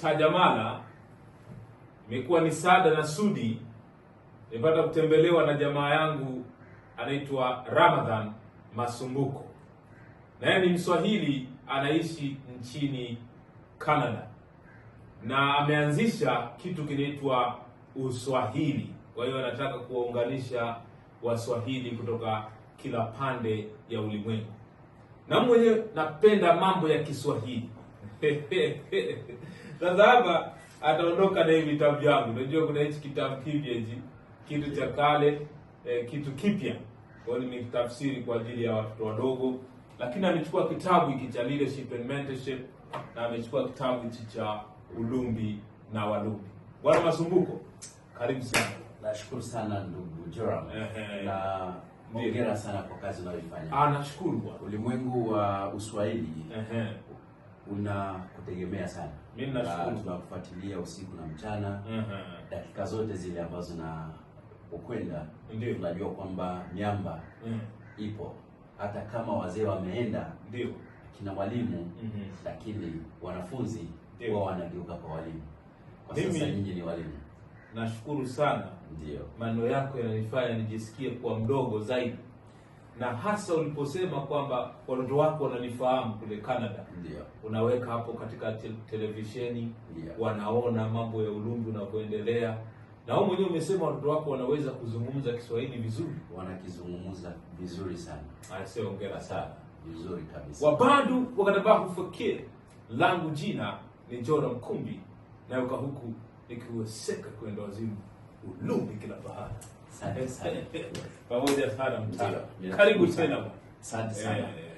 Tajamala imekuwa ni sada na sudi. Nilipata kutembelewa na jamaa yangu anaitwa Ramadhan Masumbuko, naye ni Mswahili anaishi nchini Canada na ameanzisha kitu kinaitwa Uswahili. Kwa hiyo anataka kuwaunganisha Waswahili kutoka kila pande ya ulimwengu, na mwenyewe napenda mambo ya Kiswahili. Sasa hapa ataondoka na hivi vitabu vyangu. Unajua kuna hichi kitabu kipya hichi, kitu cha kale, eh, kitu kipya. Kwa hiyo nimetafsiri kwa ajili ya watoto wadogo, lakini amechukua kitabu hiki cha leadership and mentorship na amechukua kitabu hiki cha ulumbi na walumbi. Bwana Masumbuko, karibu sana. Nashukuru sana ndugu Joram. Na hongera sana kwa kazi unayoifanya. Ah, nashukuru bwana. Ulimwengu wa Uswahili unakutegemea sana. Mimi nashukuru, ah, tunakufuatilia usiku na mchana Mhm. dakika zote zile ambazo na ukwenda ndio tunajua kwamba miamba mm. ipo hata kama wazee wameenda, ndio kina walimu mm -hmm. lakini wanafunzi wao wanageuka kwa walimu. Kwa sasa nyinyi ni walimu. Nashukuru sana, ndio maneno yako yananifanya nijisikie kuwa mdogo zaidi na hasa uliposema kwamba watoto wako wananifahamu kule Canada. yeah. Unaweka hapo katika te televisheni wanaona mambo ya ulumbi unavyoendelea, na wewe mwenyewe umesema watoto wako wanaweza kuzungumza Kiswahili vizuri. Wanakizungumza vizuri sana. Asante, ongera sana. Vizuri kabisa. Wabadu wakatabahu fakir langu jina ni Jora Mkumbi, yuka huku nikiweseka kwenda wazimu ulumbi kila bahari. Pamoja sana mtala. Karibu tena Asante sana. Eh.